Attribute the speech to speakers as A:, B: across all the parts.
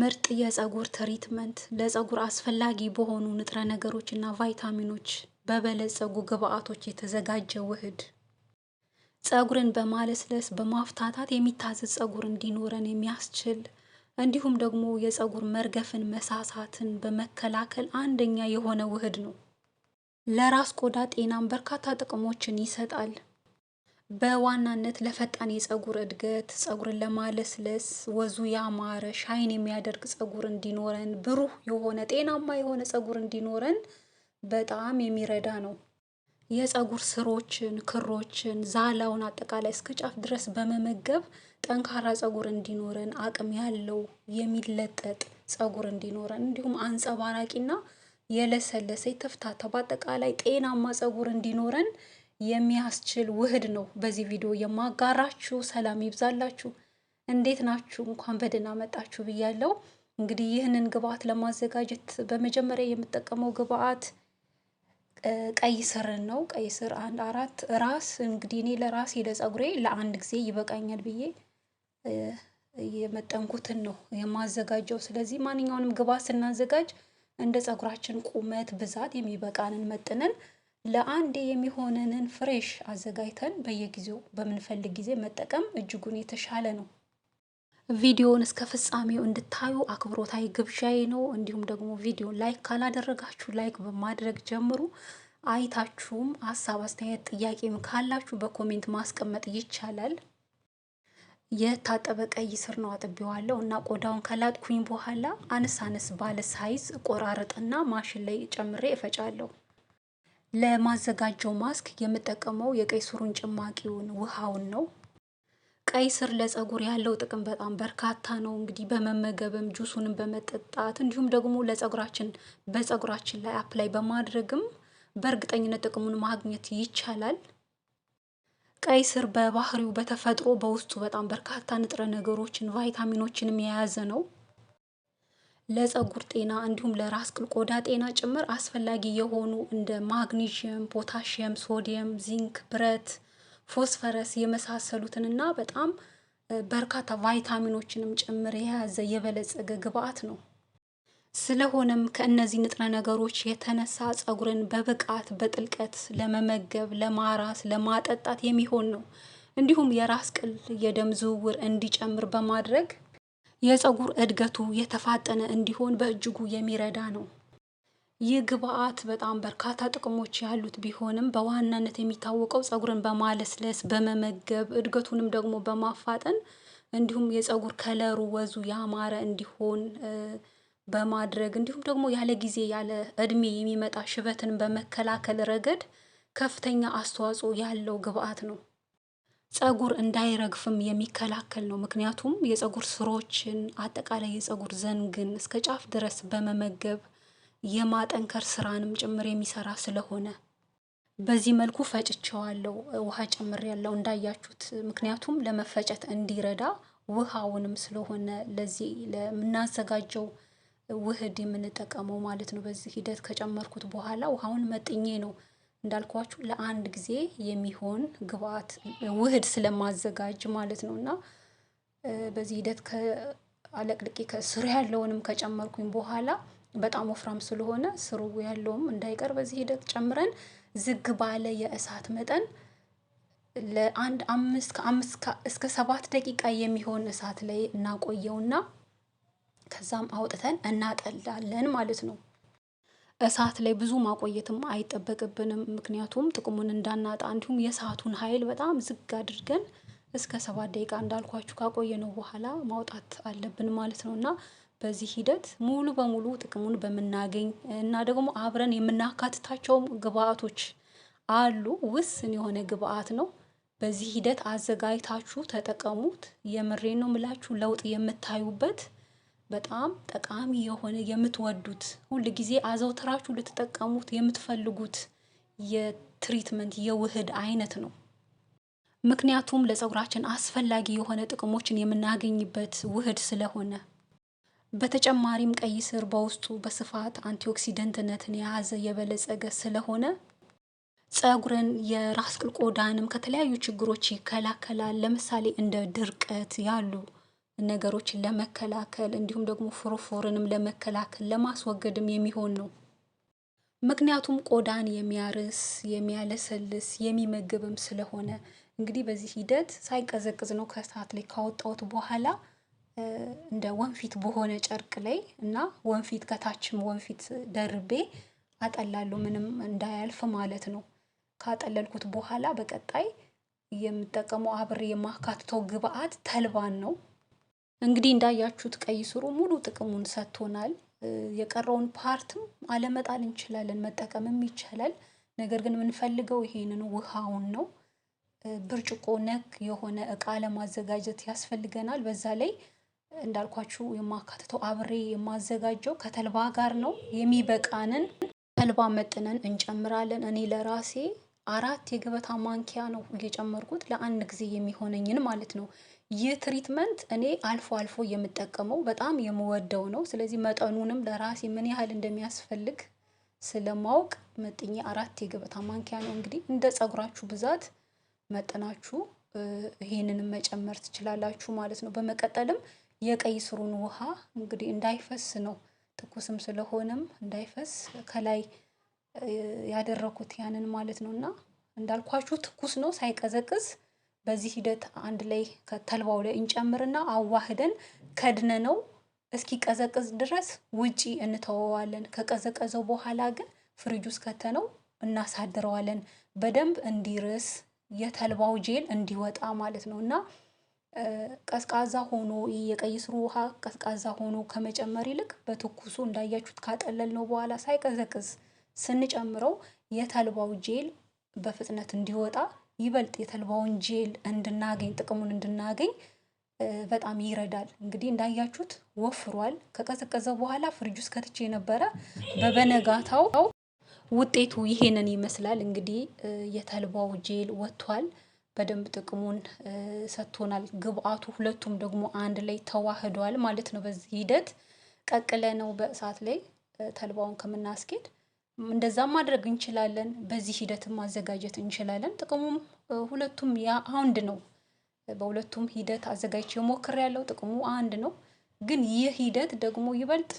A: ምርጥ የፀጉር ትሪትመንት ለፀጉር አስፈላጊ በሆኑ ንጥረ ነገሮች እና ቫይታሚኖች በበለጸጉ ግብአቶች የተዘጋጀ ውህድ። ፀጉርን በማለስለስ በማፍታታት የሚታዘዝ ፀጉር እንዲኖረን የሚያስችል እንዲሁም ደግሞ የፀጉር መርገፍን መሳሳትን በመከላከል አንደኛ የሆነ ውህድ ነው። ለራስ ቆዳ ጤናም በርካታ ጥቅሞችን ይሰጣል። በዋናነት ለፈጣን የፀጉር እድገት ፀጉርን ለማለስለስ ወዙ ያማረ ሻይን የሚያደርግ ፀጉር እንዲኖረን ብሩህ የሆነ ጤናማ የሆነ ፀጉር እንዲኖረን በጣም የሚረዳ ነው። የፀጉር ስሮችን ክሮችን ዛላውን አጠቃላይ እስከ ጫፍ ድረስ በመመገብ ጠንካራ ፀጉር እንዲኖረን አቅም ያለው የሚለጠጥ ፀጉር እንዲኖረን እንዲሁም አንጸባራቂና የለሰለሰ የተፍታታ በአጠቃላይ ጤናማ ፀጉር እንዲኖረን የሚያስችል ውህድ ነው በዚህ ቪዲዮ የማጋራችሁ። ሰላም ይብዛላችሁ። እንዴት ናችሁ? እንኳን በደህና መጣችሁ ብያለሁ። እንግዲህ ይህንን ግብአት ለማዘጋጀት በመጀመሪያ የምጠቀመው ግብአት ቀይ ስርን ነው። ቀይ ስር አንድ አራት ራስ እንግዲህ እኔ ለራሴ ለጸጉሬ ለአንድ ጊዜ ይበቃኛል ብዬ የመጠንኩትን ነው የማዘጋጀው። ስለዚህ ማንኛውንም ግብአት ስናዘጋጅ እንደ ጸጉራችን ቁመት ብዛት የሚበቃንን መጥነን ለአንዴ የሚሆነንን ፍሬሽ አዘጋጅተን በየጊዜው በምንፈልግ ጊዜ መጠቀም እጅጉን የተሻለ ነው። ቪዲዮውን እስከ ፍጻሜው እንድታዩ አክብሮታዊ ግብዣዬ ነው። እንዲሁም ደግሞ ቪዲዮ ላይክ ካላደረጋችሁ ላይክ በማድረግ ጀምሩ። አይታችሁም ሀሳብ፣ አስተያየት፣ ጥያቄም ካላችሁ በኮሜንት ማስቀመጥ ይቻላል። የታጠበ ቀይ ስር ነው አጥቢዋለሁ እና ቆዳውን ከላጥኩኝ በኋላ አነስ አነስ ባለ ሳይዝ ቆራርጥና ማሽን ላይ ጨምሬ እፈጫለሁ። ለማዘጋጀው ማስክ የምጠቀመው የቀይ ስሩን ጭማቂውን ውሃውን ነው። ቀይ ስር ለፀጉር ያለው ጥቅም በጣም በርካታ ነው። እንግዲህ በመመገብም ጁሱንም በመጠጣት እንዲሁም ደግሞ ለፀጉራችን በፀጉራችን ላይ አፕላይ በማድረግም በእርግጠኝነት ጥቅሙን ማግኘት ይቻላል። ቀይ ስር በባህሪው በተፈጥሮ በውስጡ በጣም በርካታ ንጥረ ነገሮችን ቫይታሚኖችንም የያዘ ነው። ለፀጉር ጤና እንዲሁም ለራስ ቅል ቆዳ ጤና ጭምር አስፈላጊ የሆኑ እንደ ማግኒዥየም፣ ፖታሽየም፣ ሶዲየም፣ ዚንክ፣ ብረት፣ ፎስፈረስ የመሳሰሉትንና በጣም በርካታ ቫይታሚኖችንም ጭምር የያዘ የበለጸገ ግብአት ነው። ስለሆነም ከእነዚህ ንጥረ ነገሮች የተነሳ ፀጉርን በብቃት በጥልቀት ለመመገብ፣ ለማራስ፣ ለማጠጣት የሚሆን ነው። እንዲሁም የራስ ቅል የደም ዝውውር እንዲጨምር በማድረግ የፀጉር እድገቱ የተፋጠነ እንዲሆን በእጅጉ የሚረዳ ነው። ይህ ግብአት በጣም በርካታ ጥቅሞች ያሉት ቢሆንም በዋናነት የሚታወቀው ፀጉርን በማለስለስ በመመገብ እድገቱንም ደግሞ በማፋጠን እንዲሁም የፀጉር ከለሩ ወዙ ያማረ እንዲሆን በማድረግ እንዲሁም ደግሞ ያለ ጊዜ ያለ እድሜ የሚመጣ ሽበትን በመከላከል ረገድ ከፍተኛ አስተዋጽኦ ያለው ግብአት ነው። ፀጉር እንዳይረግፍም የሚከላከል ነው። ምክንያቱም የፀጉር ስሮችን አጠቃላይ የፀጉር ዘንግን እስከ ጫፍ ድረስ በመመገብ የማጠንከር ስራንም ጭምር የሚሰራ ስለሆነ በዚህ መልኩ ፈጭቸዋለው። ውሃ ያለው እንዳያችሁት ምክንያቱም ለመፈጨት እንዲረዳ ውሃውንም ስለሆነ ለዚህ ለምናዘጋጀው ውህድ የምንጠቀመው ማለት ነው። በዚህ ሂደት ከጨመርኩት በኋላ ውሃውን መጥኜ ነው እንዳልኳችሁ ለአንድ ጊዜ የሚሆን ግብአት ውህድ ስለማዘጋጅ ማለት ነው እና በዚህ ሂደት አለቅልቄ ከስሩ ያለውንም ከጨመርኩኝ በኋላ በጣም ወፍራም ስለሆነ ስሩ ያለውም እንዳይቀር በዚህ ሂደት ጨምረን ዝግ ባለ የእሳት መጠን ለአንድ አምስት ከአምስት እስከ ሰባት ደቂቃ የሚሆን እሳት ላይ እናቆየውና ከዛም አውጥተን እናጠላለን ማለት ነው። እሳት ላይ ብዙ ማቆየትም አይጠበቅብንም ምክንያቱም ጥቅሙን እንዳናጣ እንዲሁም የእሳቱን ሀይል በጣም ዝግ አድርገን እስከ ሰባት ደቂቃ እንዳልኳችሁ ካቆየነው በኋላ ማውጣት አለብን ማለት ነው። እና በዚህ ሂደት ሙሉ በሙሉ ጥቅሙን በምናገኝ እና ደግሞ አብረን የምናካትታቸውም ግብአቶች አሉ ውስን የሆነ ግብአት ነው። በዚህ ሂደት አዘጋጅታችሁ ተጠቀሙት የምሬን ነው ምላችሁ ለውጥ የምታዩበት በጣም ጠቃሚ የሆነ የምትወዱት ሁል ጊዜ አዘውትራችሁ ልትጠቀሙት የምትፈልጉት የትሪትመንት የውህድ አይነት ነው። ምክንያቱም ለፀጉራችን አስፈላጊ የሆነ ጥቅሞችን የምናገኝበት ውህድ ስለሆነ። በተጨማሪም ቀይ ስር በውስጡ በስፋት አንቲኦክሲደንትነትን የያዘ የበለጸገ ስለሆነ ፀጉርን የራስ ቅል ቆዳንም ከተለያዩ ችግሮች ይከላከላል። ለምሳሌ እንደ ድርቀት ያሉ ነገሮችን ለመከላከል እንዲሁም ደግሞ ፎሮፎርንም ለመከላከል ለማስወገድም የሚሆን ነው። ምክንያቱም ቆዳን የሚያርስ የሚያለሰልስ የሚመግብም ስለሆነ እንግዲህ በዚህ ሂደት ሳይቀዘቅዝ ነው ከሰዓት ላይ ካወጣሁት በኋላ እንደ ወንፊት በሆነ ጨርቅ ላይ እና ወንፊት ከታችም ወንፊት ደርቤ አጠላለሁ ምንም እንዳያልፍ ማለት ነው። ካጠለልኩት በኋላ በቀጣይ የምጠቀመው አብሬ የማካትተው ግብአት ተልባን ነው እንግዲህ እንዳያችሁት ቀይ ስሩ ሙሉ ጥቅሙን ሰጥቶናል። የቀረውን ፓርትም አለመጣል እንችላለን፣ መጠቀምም ይቻላል። ነገር ግን የምንፈልገው ይሄንን ውሃውን ነው። ብርጭቆ ነክ የሆነ እቃ ለማዘጋጀት ያስፈልገናል። በዛ ላይ እንዳልኳችሁ የማካትተው አብሬ የማዘጋጀው ከተልባ ጋር ነው። የሚበቃንን ተልባ መጥነን እንጨምራለን። እኔ ለራሴ አራት የገበታ ማንኪያ ነው እየጨመርኩት ለአንድ ጊዜ የሚሆነኝን ማለት ነው። ይህ ትሪትመንት እኔ አልፎ አልፎ የምጠቀመው በጣም የምወደው ነው። ስለዚህ መጠኑንም ለራሴ ምን ያህል እንደሚያስፈልግ ስለማውቅ መጥኜ አራት የገበታ ማንኪያ ነው። እንግዲህ እንደ ፀጉራችሁ ብዛት መጠናችሁ ይሄንንም መጨመር ትችላላችሁ ማለት ነው። በመቀጠልም የቀይ ስሩን ውሃ እንግዲህ እንዳይፈስ ነው ትኩስም ስለሆነም እንዳይፈስ ከላይ ያደረኩት ያንን ማለት ነው። እና እንዳልኳችሁ ትኩስ ነው ሳይቀዘቅዝ በዚህ ሂደት አንድ ላይ ከተልባው ላይ እንጨምርና አዋህደን ከድነ ነው እስኪቀዘቅዝ ድረስ ውጪ እንተወዋለን። ከቀዘቀዘው በኋላ ግን ፍሪጅ ውስጥ ከተነው እናሳድረዋለን በደንብ እንዲርስ የተልባው ጄል እንዲወጣ ማለት ነው እና ቀዝቃዛ ሆኖ የቀይ ስሩ ውሃ ቀዝቃዛ ሆኖ ከመጨመር ይልቅ በትኩሱ እንዳያችሁት ካጠለል ነው በኋላ ሳይቀዘቅዝ ስንጨምረው የተልባው ጄል በፍጥነት እንዲወጣ ይበልጥ የተልባውን ጄል እንድናገኝ ጥቅሙን እንድናገኝ በጣም ይረዳል። እንግዲህ እንዳያችሁት ወፍሯል። ከቀዘቀዘ በኋላ ፍሪጅ ውስጥ ከትቼ የነበረ በበነጋታው ውጤቱ ይሄንን ይመስላል። እንግዲህ የተልባው ጄል ወጥቷል። በደንብ ጥቅሙን ሰጥቶናል። ግብአቱ ሁለቱም ደግሞ አንድ ላይ ተዋህደዋል ማለት ነው። በዚህ ሂደት ቀቅለ ነው በእሳት ላይ ተልባውን ከምናስኬድ እንደዛም ማድረግ እንችላለን። በዚህ ሂደትም ማዘጋጀት እንችላለን። ጥቅሙም ሁለቱም ያ አንድ ነው። በሁለቱም ሂደት አዘጋጅቼ ያለው ጥቅሙ አንድ ነው። ግን ይህ ሂደት ደግሞ ይበልጥ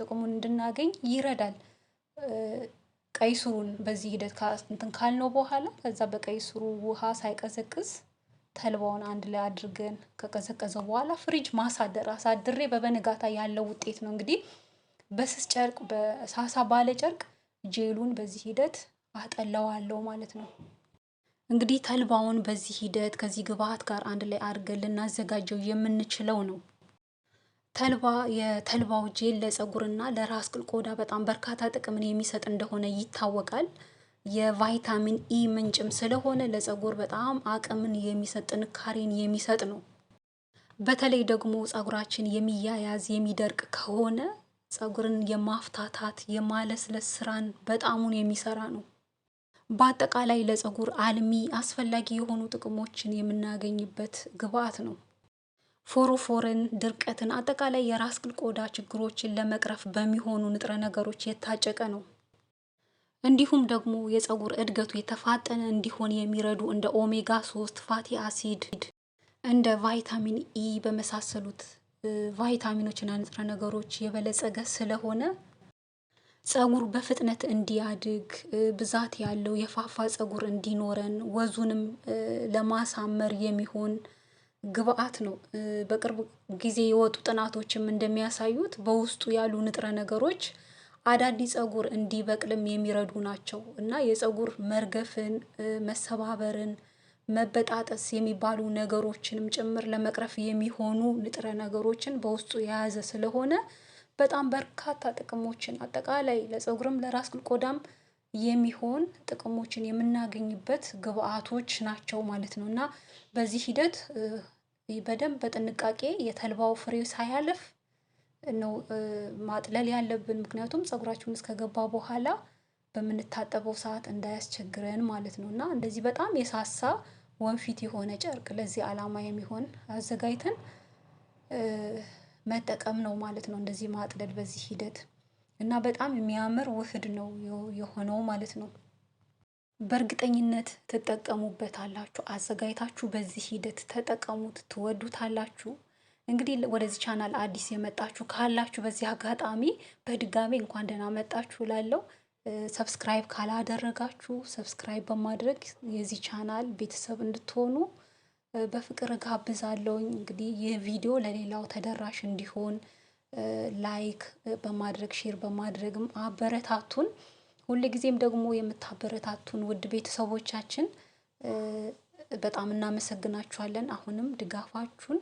A: ጥቅሙን እንድናገኝ ይረዳል። ቀይ ስሩን በዚህ ሂደት እንትን ካልነው በኋላ ከዛ በቀይ ስሩ ውሃ ሳይቀዘቅዝ ተልባውን አንድ ላይ አድርገን ከቀዘቀዘ በኋላ ፍሪጅ ማሳደር አሳድሬ በበነጋታ ያለው ውጤት ነው። እንግዲህ በስስ ጨርቅ በሳሳ ባለ ጨርቅ ጄሉን በዚህ ሂደት አጠለዋለሁ ማለት ነው። እንግዲህ ተልባውን በዚህ ሂደት ከዚህ ግብአት ጋር አንድ ላይ አድርገን ልናዘጋጀው የምንችለው ነው። ተልባ የተልባው ጄል ለፀጉርና ለራስ ቅል ቆዳ በጣም በርካታ ጥቅምን የሚሰጥ እንደሆነ ይታወቃል። የቫይታሚን ኢ ምንጭም ስለሆነ ለፀጉር በጣም አቅምን የሚሰጥ ጥንካሬን የሚሰጥ ነው። በተለይ ደግሞ ፀጉራችን የሚያያዝ የሚደርቅ ከሆነ ፀጉርን የማፍታታት የማለስለስ ስራን በጣሙን የሚሰራ ነው። በአጠቃላይ ለፀጉር አልሚ አስፈላጊ የሆኑ ጥቅሞችን የምናገኝበት ግብዓት ነው። ፎሮፎርን፣ ድርቀትን፣ አጠቃላይ የራስ ቅል ቆዳ ችግሮችን ለመቅረፍ በሚሆኑ ንጥረ ነገሮች የታጨቀ ነው። እንዲሁም ደግሞ የፀጉር እድገቱ የተፋጠነ እንዲሆን የሚረዱ እንደ ኦሜጋ ሶስት ፋቲ አሲድ እንደ ቫይታሚን ኢ በመሳሰሉት ቫይታሚኖችና ንጥረ ነገሮች የበለፀገ ስለሆነ ፀጉር በፍጥነት እንዲያድግ ብዛት ያለው የፋፋ ፀጉር እንዲኖረን ወዙንም ለማሳመር የሚሆን ግብአት ነው። በቅርብ ጊዜ የወጡ ጥናቶችም እንደሚያሳዩት በውስጡ ያሉ ንጥረ ነገሮች አዳዲስ ፀጉር እንዲበቅልም የሚረዱ ናቸው። እና የፀጉር መርገፍን መሰባበርን መበጣጠስ የሚባሉ ነገሮችንም ጭምር ለመቅረፍ የሚሆኑ ንጥረ ነገሮችን በውስጡ የያዘ ስለሆነ በጣም በርካታ ጥቅሞችን አጠቃላይ ለፀጉርም ለራስ ቆዳም የሚሆን ጥቅሞችን የምናገኝበት ግብአቶች ናቸው ማለት ነው እና በዚህ ሂደት በደንብ በጥንቃቄ የተልባው ፍሬ ሳያልፍ ነው ማጥለል ያለብን። ምክንያቱም ፀጉራችሁን እስከገባ በኋላ በምንታጠበው ሰዓት እንዳያስቸግረን ማለት ነው እና እንደዚህ በጣም የሳሳ ወንፊት የሆነ ጨርቅ ለዚህ ዓላማ የሚሆን አዘጋጅተን መጠቀም ነው ማለት ነው። እንደዚህ ማጥለል በዚህ ሂደት እና በጣም የሚያምር ውህድ ነው የሆነው ማለት ነው። በእርግጠኝነት ትጠቀሙበታላችሁ። አዘጋጅታችሁ በዚህ ሂደት ተጠቀሙት፣ ትወዱታላችሁ። እንግዲህ ወደዚህ ቻናል አዲስ የመጣችሁ ካላችሁ በዚህ አጋጣሚ በድጋሚ እንኳን ደህና መጣችሁ ላለው ሰብስክራይብ ካላደረጋችሁ ሰብስክራይብ በማድረግ የዚህ ቻናል ቤተሰብ እንድትሆኑ በፍቅር እጋብዛለሁኝ። እንግዲህ ይህ ቪዲዮ ለሌላው ተደራሽ እንዲሆን ላይክ በማድረግ ሼር በማድረግም አበረታቱን። ሁልጊዜም ደግሞ የምታበረታቱን ውድ ቤተሰቦቻችን በጣም እናመሰግናችኋለን። አሁንም ድጋፋችሁን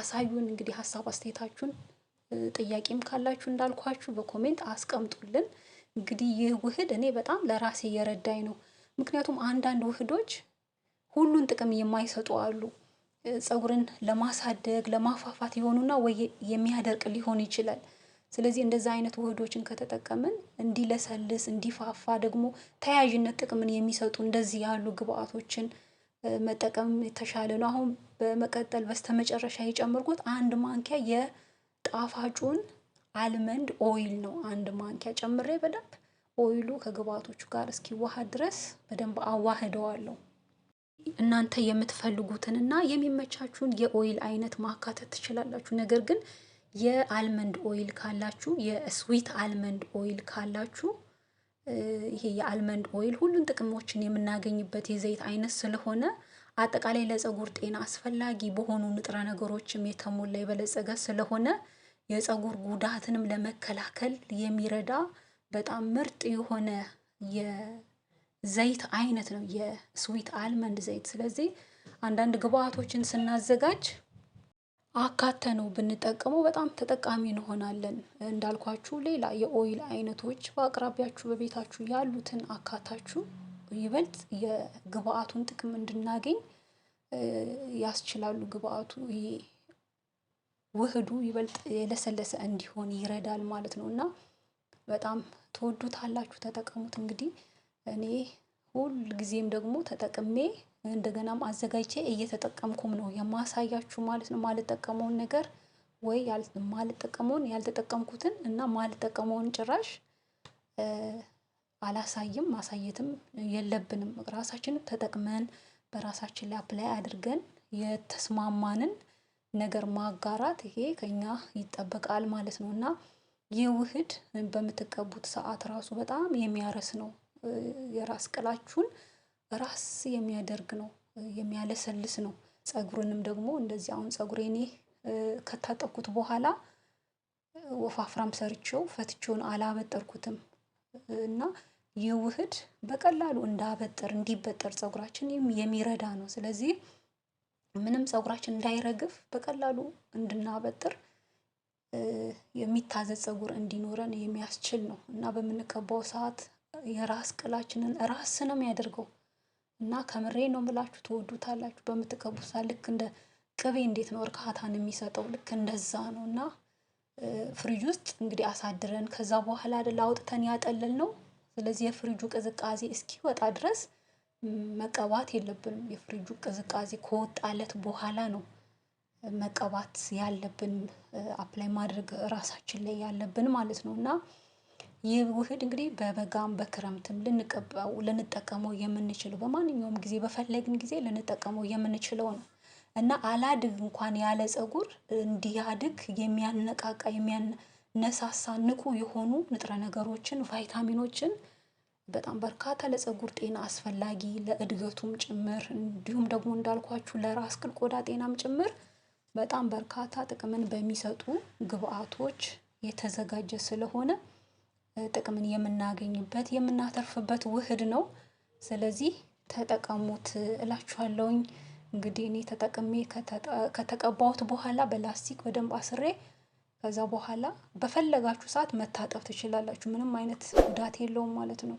A: አሳዩን። እንግዲህ ሀሳብ አስተያየታችሁን ጥያቄም ካላችሁ እንዳልኳችሁ በኮሜንት አስቀምጡልን። እንግዲህ ይህ ውህድ እኔ በጣም ለራሴ እየረዳኝ ነው። ምክንያቱም አንዳንድ ውህዶች ሁሉን ጥቅም የማይሰጡ አሉ። ፀጉርን ለማሳደግ ለማፋፋት የሆኑና ወይ የሚያደርቅ ሊሆን ይችላል። ስለዚህ እንደዛ አይነት ውህዶችን ከተጠቀምን እንዲለሰልስ እንዲፋፋ ደግሞ ተያያዥነት ጥቅምን የሚሰጡ እንደዚህ ያሉ ግብአቶችን መጠቀም የተሻለ ነው። አሁን በመቀጠል በስተመጨረሻ የጨመርኩት አንድ ማንኪያ የጣፋጩን አልመንድ ኦይል ነው አንድ ማንኪያ ጨምሬ በደንብ ኦይሉ ከግብአቶቹ ጋር እስኪዋሃድ ድረስ በደንብ አዋህደዋለሁ። እናንተ የምትፈልጉትንና የሚመቻችሁን የኦይል አይነት ማካተት ትችላላችሁ። ነገር ግን የአልመንድ ኦይል ካላችሁ የስዊት አልመንድ ኦይል ካላችሁ ይሄ የአልመንድ ኦይል ሁሉን ጥቅሞችን የምናገኝበት የዘይት አይነት ስለሆነ አጠቃላይ ለፀጉር ጤና አስፈላጊ በሆኑ ንጥረ ነገሮችም የተሞላ የበለጸገ ስለሆነ የፀጉር ጉዳትንም ለመከላከል የሚረዳ በጣም ምርጥ የሆነ የዘይት አይነት ነው የስዊት አልመንድ ዘይት። ስለዚህ አንዳንድ ግብአቶችን ስናዘጋጅ አካተነው ብንጠቀመው በጣም ተጠቃሚ እንሆናለን። እንዳልኳችሁ ሌላ የኦይል አይነቶች በአቅራቢያችሁ በቤታችሁ ያሉትን አካታችሁ ይበልጥ የግብአቱን ጥቅም እንድናገኝ ያስችላሉ። ግብአቱ ይሄ ውህዱ ይበልጥ የለሰለሰ እንዲሆን ይረዳል ማለት ነው እና በጣም ትወዱታላችሁ። ተጠቀሙት። እንግዲህ እኔ ሁል ጊዜም ደግሞ ተጠቅሜ እንደገናም አዘጋጅቼ እየተጠቀምኩም ነው የማሳያችሁ ማለት ነው። ማልጠቀመውን ነገር ወይ ማልጠቀመውን ያልተጠቀምኩትን እና ማልጠቀመውን ጭራሽ አላሳይም። ማሳየትም የለብንም። ራሳችን ተጠቅመን በራሳችን ላይ አፕላይ አድርገን የተስማማንን ነገር ማጋራት ይሄ ከኛ ይጠበቃል ማለት ነው እና ይህ ውህድ በምትቀቡት ሰዓት ራሱ በጣም የሚያረስ ነው። የራስ ቅላችሁን ራስ የሚያደርግ ነው፣ የሚያለሰልስ ነው። ፀጉርንም ደግሞ እንደዚህ አሁን ፀጉሬ እኔ ከታጠኩት በኋላ ወፋፍራም ሰርቼው ፈትቼውን አላበጠርኩትም እና ይህ ውህድ በቀላሉ እንዳበጠር እንዲበጠር ፀጉራችን የሚረዳ ነው። ስለዚህ ምንም ፀጉራችን እንዳይረግፍ በቀላሉ እንድናበጥር የሚታዘዝ ፀጉር እንዲኖረን የሚያስችል ነው እና በምንቀባው ሰዓት የራስ ቅላችንን ራስ ነው የሚያደርገው እና ከምሬ ነው ምላችሁ ትወዱታላችሁ። በምትቀቡ ሰዓት ልክ እንደ ቅቤ እንዴት ነው እርካታን የሚሰጠው ልክ እንደዛ ነው እና ፍሪጅ ውስጥ እንግዲህ አሳድረን ከዛ በኋላ አይደል አውጥተን ያጠለል ነው። ስለዚህ የፍሪጁ ቅዝቃዜ እስኪወጣ ድረስ መቀባት የለብንም የፍሪጁ ቅዝቃዜ ከወጣለት በኋላ ነው መቀባት ያለብን አፕላይ ማድረግ ራሳችን ላይ ያለብን ማለት ነው። እና ይህ ውህድ እንግዲህ በበጋም በክረምትም ልንቀባው ልንጠቀመው የምንችለው በማንኛውም ጊዜ በፈለግን ጊዜ ልንጠቀመው የምንችለው ነው። እና አላድግ እንኳን ያለ ፀጉር እንዲያድግ የሚያነቃቃ የሚያነሳሳ ንቁ የሆኑ ንጥረ ነገሮችን ቫይታሚኖችን በጣም በርካታ ለፀጉር ጤና አስፈላጊ ለእድገቱም ጭምር እንዲሁም ደግሞ እንዳልኳችሁ ለራስ ቅል ቆዳ ጤናም ጭምር በጣም በርካታ ጥቅምን በሚሰጡ ግብአቶች የተዘጋጀ ስለሆነ ጥቅምን የምናገኝበት የምናተርፍበት ውህድ ነው። ስለዚህ ተጠቀሙት እላችኋለውኝ። እንግዲህ እኔ ተጠቅሜ ከተቀባሁት በኋላ በላስቲክ በደንብ አስሬ ከዛ በኋላ በፈለጋችሁ ሰዓት መታጠብ ትችላላችሁ። ምንም አይነት ጉዳት የለውም ማለት ነው።